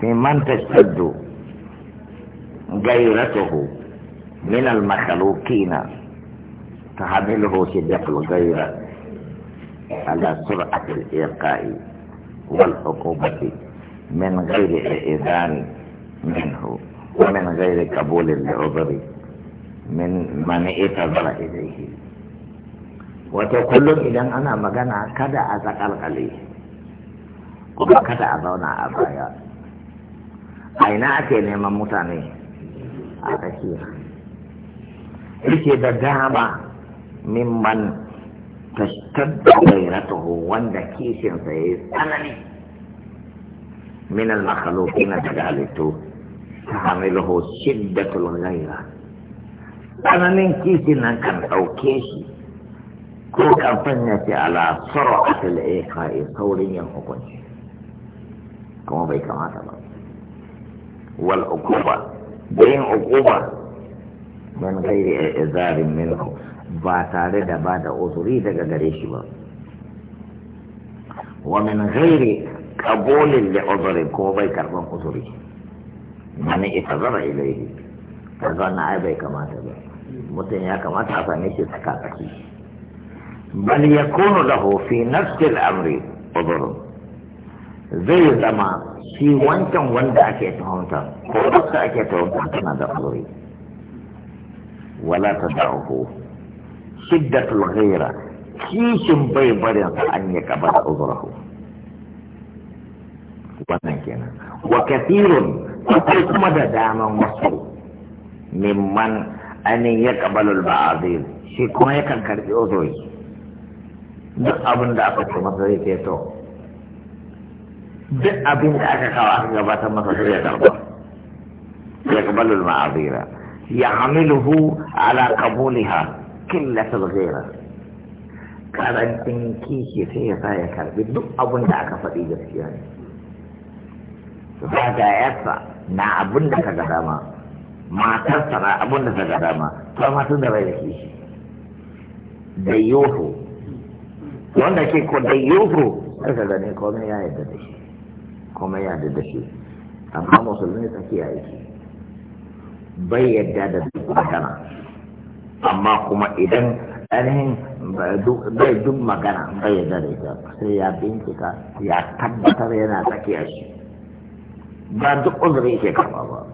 في من تشتد غيرته من المخلوقين تحمله شدة الغيرة على سرعة الإلقاء والعقوبة من غير إذان منه ومن غير قبول العذر من من اعتذر إليه وتقول إذا أنا مجانا كذا أتقلقليه kuma kada a zauna a baya a ina ake neman mutane a tsakiya yake da dama mimman tashtadda gairatuhu wanda kishinsa ya yi tsanani min al na daga halittu tahamiluhu shiddatul ghaira tsananin kishin nan kan ɗauke shi ko kan sanya shi ala sar'atul iqa'i saurin yin hukunci kuma bai kamata ba wal uquba da yin uquba min ghairi izarin minhu ba tare da ba da uzuri daga gare shi ba wa min gairi qabulin li uzuri ko bai karban uzuri mani itazara ilaihi kaga na ai bai kamata ba mutum ya kamata a same shi tsaka tsaki bal yakunu lahu fi nafsi al-amri udhrun zai zama shi wancan wanda ake tuhumta ko wanda ake tuhumta tana da aure wala ta da'uhu shiddatul ghaira kishin bai barin sa an yi kaba da uzurahu wannan kenan wa kathirun akwai kuma da daman wasu mimman anin ya kabalul ba'azir shi kuma yakan karbi uzuri duk abin da aka ce masa zai ce to duk abin da aka kawo aka gabatar masa sai ya karba ya kabalul ma'azira ya hamiluhu ala qabuliha killatul ghaira karancin kishi sai ya sa ya karbi duk abin da aka faɗi gaskiya ne ba ga yarsa na abin da ka ga dama matarsa na abin da ka ga dama ba matan da bai da kishi da yoho wanda ke ko da yoho aka gane komai ya yarda da shi kuma ya da dashi amma musulmi tsakiya yake bai yadda da duk magana amma kuma idan ainihin bai duk magana bai yadda da ita sai ya bincika ya tabbatar yana tsakiya shi ba duk uzuri yake karba ba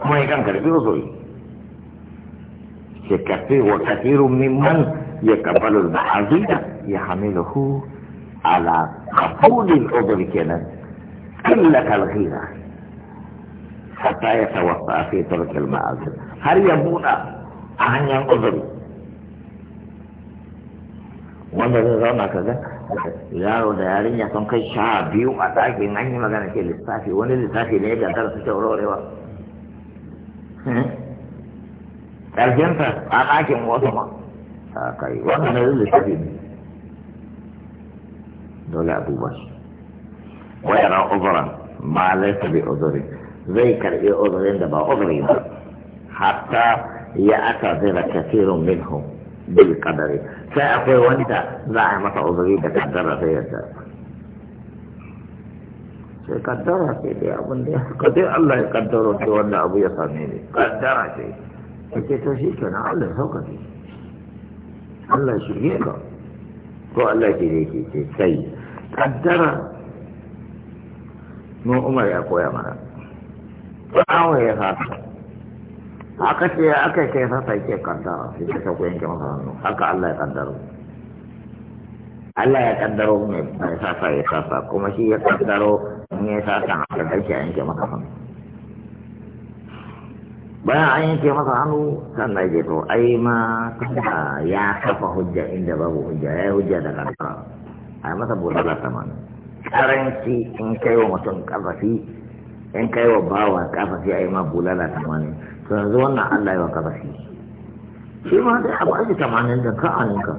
kuma ya kan karbi uzuri shekafi wa kafirun mimman ya kabalul ma'azina ya hamiluhu ala kabulin uzuri kenan قلة الغيرة حتى يتوفى في ترك المعاصي هل يبون عن ينقذ wanda zai zauna ka ga yaro da yarinya sun kai sha biyu a ɗakin an yi magana ke lissafi wani lissafi ne da tara suke wurarewa ƙarfinta a ɗakin wasu ma a kai wannan ne lissafi ne dole abubuwa shi ويرى عذرا ما ليس بعذره ذكر عذر عندما عذره حتى يأتى يأتذر كثير منهم بالقدر سأقول وانت نعمة عذري تقدر في يدك قدرها شيء يا ابن دي قدر الله يقدر شيء وانا ابو يصنيني قدر شيء انت تشيك انا اقول له هوك الله يشيك قال الله يشيك شيء قدرها nu umar ya koya mana tsawon ya sata aka ce aka kai sata ke kaddara sai ta sauko yanke masa hannu haka Allah ya kaddaro Allah ya kaddaro mai sata ya sa kuma shi ya kaddaro in ya ta a kaddarki a yanke masa hannu bayan an yanke masa hannu sannan ya to ai ma ya kafa hujja inda babu hujja ya yi hujja da kaddara a yi masa bulala tamanin karanci in kai wa mutum kafafi in kai wa bawa kafafi a yi ma bulala tamanin to yanzu wannan allah yi wa kafafi shi ma dai abu aji tamanin da ka'anin ka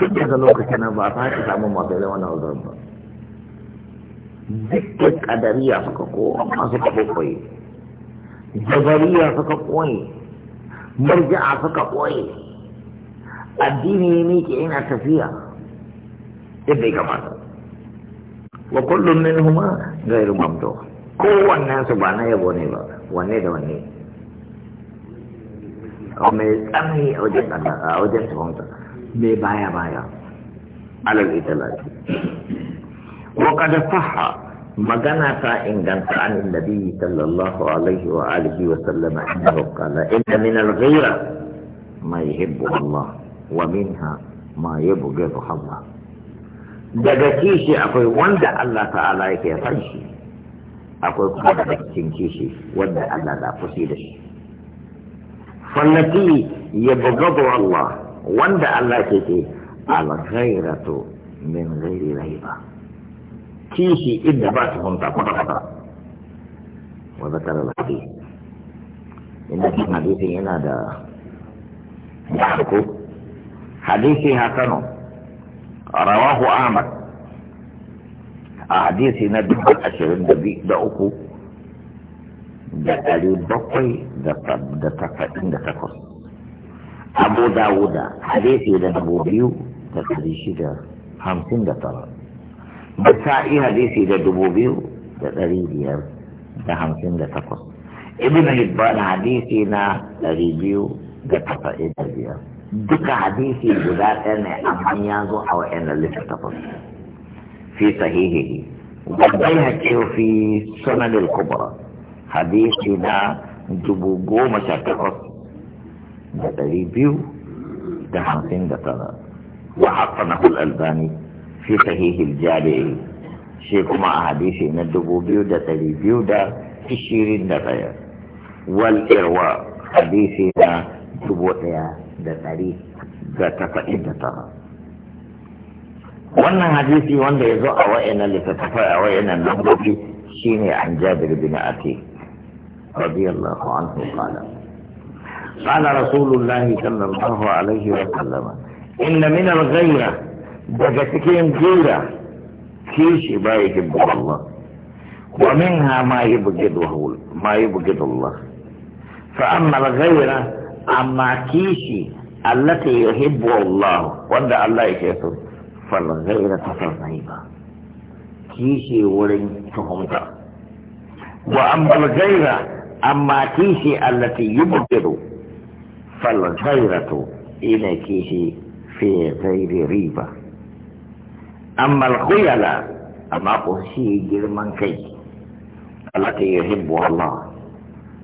tun daga lokacin nan ba a fara samun masu irin wannan uzurin ba duk kadariya suka kowa masu kabo koyi jabariya suka koyi marja'a suka koyi addini ne ke ina tafiya yadda ya kamata wa kullum min huma gairu mamdo wannan su ba na yabo ne ba wanne da wanne a mai tsanani a wajen a wajen tafanta mai baya baya alal italati wa kada faha magana ta inganta an nabi sallallahu alaihi wa alihi wa sallama annahu qala inna min al-ghayra ma yuhibbu Allah wa minha ma yabghadhu Allah daga kishi akwai wanda Allah ta'ala yake san shi akwai kuma daga cikin kishi wanda Allah da fushi da shi fallati ya bugadu Allah wanda Allah ke ce alkhairatu min ghairi raiba kishi inda ba su hunta kwata kwata wa zakara al-hadith inda cikin hadisin yana da ya ko hadisi hasanu رواه احمد احديث نبي عشرين نبي دعوكو دعالي بقوي دتك ان دتكر ابو داود حديث نبو بيو تقريشي دا خمسين دتر بسائي حديث نبو بيو دتريدي دا خمسين دتكر ابن حبان حديثنا نبو بيو دتك ان دتكر duka hadisi guda ɗaya ne amma ya zo a wa'annan littattafan fi sahihihi wadai hake fi sanadil kubra hadisi na dubu goma sha takwas da ɗari biyu da hamsin da tara wa hassanahu al-albani fi sahihil jami'i shi kuma a hadisi na dubu biyu da ɗari biyu da ishirin da ɗaya wal irwa hadisi na dubu ɗaya da ɗari da tafa'in da tara wannan hadisi wanda ya zo a wa'annan littattafai a wa'annan lambobi shine an jabir bin ati radiyallahu anhu qala قال رسول الله صلى الله عليه وسلم إن من الغيرة دقتكين غيرة كيش ما يحبه الله ومنها ما يبغضه ما يبغض الله فأما الغيرة amakishi allati yuhibbu Allah wanda Allah yake so fal ghayra tasarriba kishi wurin tuhumta wa amma ghayra amma kishi allati yubghidu fal ghayratu ila kishi fi ghayri riba amma al khuyala amma ko girman kai allati yuhibbu Allah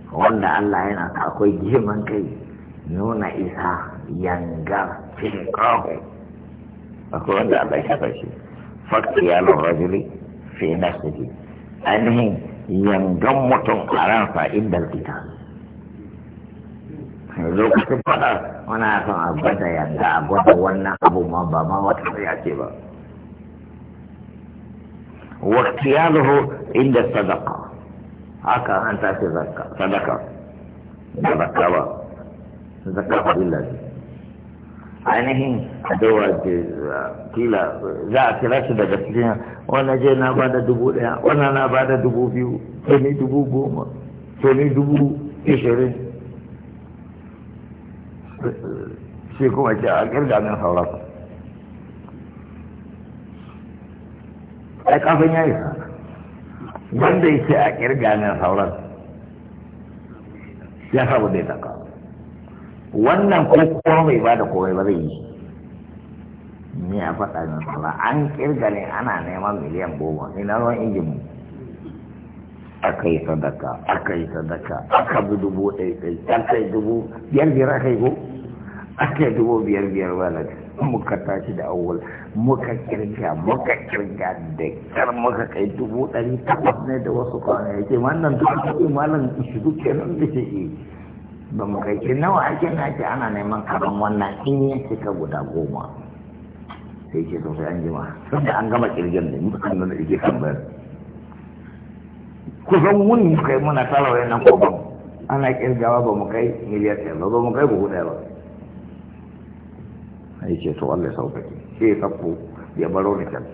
wanda Allah yana ta akwai girman kai nuna isa yanga cin ƙaho akwai wanda Allah ya shafa shi faktiyalin rajuli fi nafsihi ainihin yangan mutum a ran ransa inda kita lokacin faɗa wana son san abada yanga a gwada wannan abu ma ba ma wata ya ce ba ya waktiyaluhu inda sadaka haka an tashi sadaka da zakka ba zakka fadilla ce ainihin adawa ce kila za a kira shi daga cikin wani je na ba da dubu daya wani na ba da dubu biyu to ni dubu goma to ni dubu ishirin sai kuma ce a kirga min saurasa ai kafin ya isa wanda ya ce a kirga min saurasa ya sabu dai taka wannan ko kowa bai ba da komai ba zai yi ni a faɗa min ba an kirga ne ana neman miliyan goma ni na ruwan injin aka yi sadaka aka yi sadaka aka bi dubu ɗai ɗai aka yi dubu biyar biyar aka yi ko aka yi dubu biyar biyar ba da muka tashi da awwal muka kirga muka kirga da kar muka kai dubu ɗari takwas ne da wasu kwanaki wannan dubu ɗari malam shi duke nan da shi ba mu kai ce nawa ake na ake ana neman karon wannan in ya cika guda goma sai ce sosai an jima sun da an gama kirgin da mutum nuna ike tambayar kusan mun mu kai muna talawa nan koban ana kirgawa ba mu kai miliyar ɗaya ba ba mu kai buhu ɗaya ba sai ce to Allah sauƙaƙe sai ya kafo ya baro ni can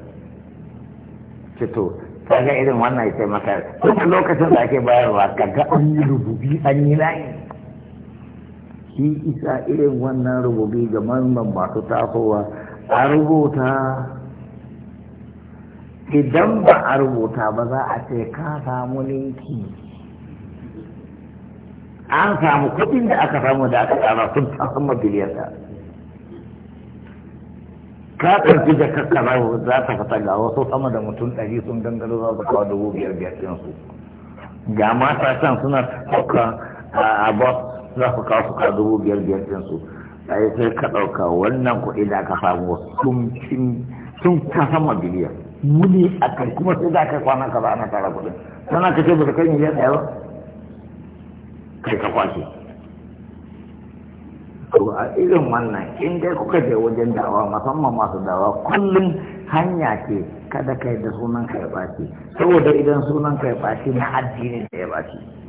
ce to kaga irin wannan ya taimaka tun lokacin da ake bayarwa kaga an yi rububi an yi layi shi isa irin wannan rububi ga manzon masu tafowa, a rubuta idan ba a rubuta ba za a ce ka samu linki an samu kudin da aka samu da aka tsara sun tasamma biliyarta ka karfi da kakkara za ta fata ga wasu sama da mutum ɗari sun dangaro za su kawo dubu biyar biyar ɗinsu ga mata can suna ɗauka a bus za ku kawo kawo dubu biyar biyar ɗin su sai sai ka ɗauka wannan kuɗi da aka samu sun ka sama biliyan muni a kai kuma sai za ka kwana ka za ana tara kuɗin sana ka ce ba ka kai miliyan ɗaya ba kai ka kwashe to a irin wannan in dai kuka je wajen dawa musamman masu dawa kullum hanya ce kada kai da sunan ka ya ɓaci saboda idan sunan ka ya ɓaci na addini da ya ɓaci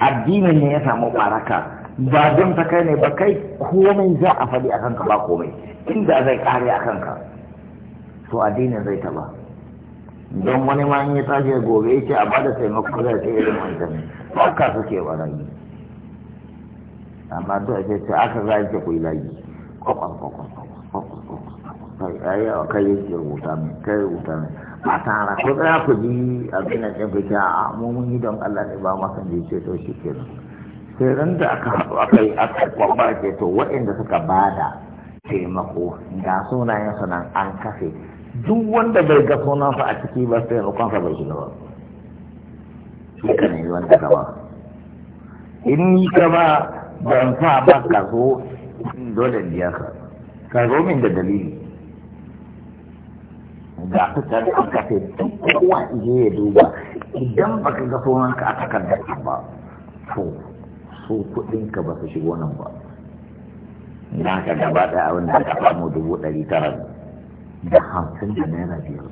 addinin ne ya samu baraka ba don ta kai ne ba kai komai za a faɗi a kanka ba komai inda zai kare a kanka to addinin zai taba don wani ma in ya tashi gobe ya ce a bada taimako zai ce irin wancan ba ka suke ba rayu amma to a ce ce aka za ce ku yi layi kwakwan kwakwan kwakwan kwakwan kwakwan kai ya min kai min a tara ko za ku ji abin da ke ga a mu mun yi don Allah ne ba ma san da yake to shi ke sai ran da aka haɗu aka aka kwamba ke to waɗanda suka bada taimako ga sunayen su nan an kafe duk wanda bai ga sunansa a ciki ba sai rukunsa bai shiga ba shi ka ne wanda ba in yi ba ban sa ba ka zo dole biya ka ka zo min da dalili ga su tare an kowa je ya duba idan ba ka gafo ka a takardar ba to su kuɗin ka ba su shigo nan ba na ka gaba da abin da ka samu dubu ɗari tara da hamsin da naira biyar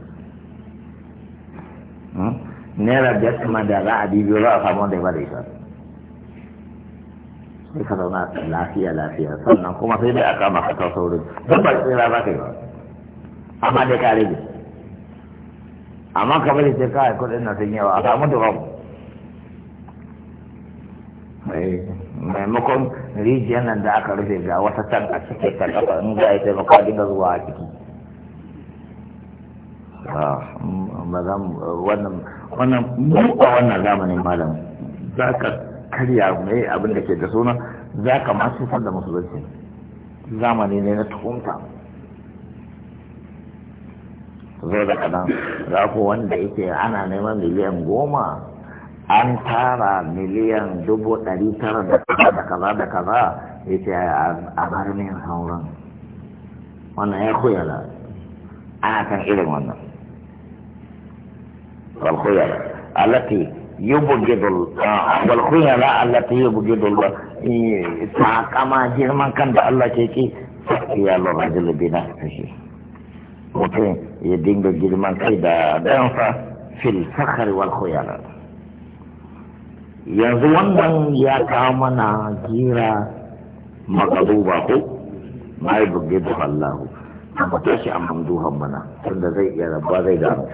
hmm? naira biyar kuma da za a bibiyo za a samu wanda ya ba da ita sai ka zauna lafiya lafiya sannan kuma sai dai a kama ka kawo saurin don ba tsira za ka yi ba amma dai ka rage amma ka bari sai kawai kudin na sun yawa a samu da babu eh, maimakon rijiyar nan da aka rufe ga wata can a cikin kan kafa in za a yi taimako a dinga zuwa a ciki ah, wannan mu a wannan zamanin malam za ka karya mai abin da ke da suna za ka masu da musulunci zamani ne na tukunta zai da kaɗan za ku wanda yake ana neman miliyan goma an tara miliyan dubu ɗari tara da kaza da kaza da kaza yake a bar min sauran wannan ya kuyala ana kan irin wannan والخيلاء التي يبجد والخيلاء التي يبجد الله تعقما جرما كان الله كيكي فأتي الله رجل بنفسه mutum ya dinga girman kai da ɗansa fil fakhar wal khuyala yanzu wannan ya kawo mana jira magaluba ko ma yi bugi da Allah amma ta shi an mana tunda zai iya rabba zai gano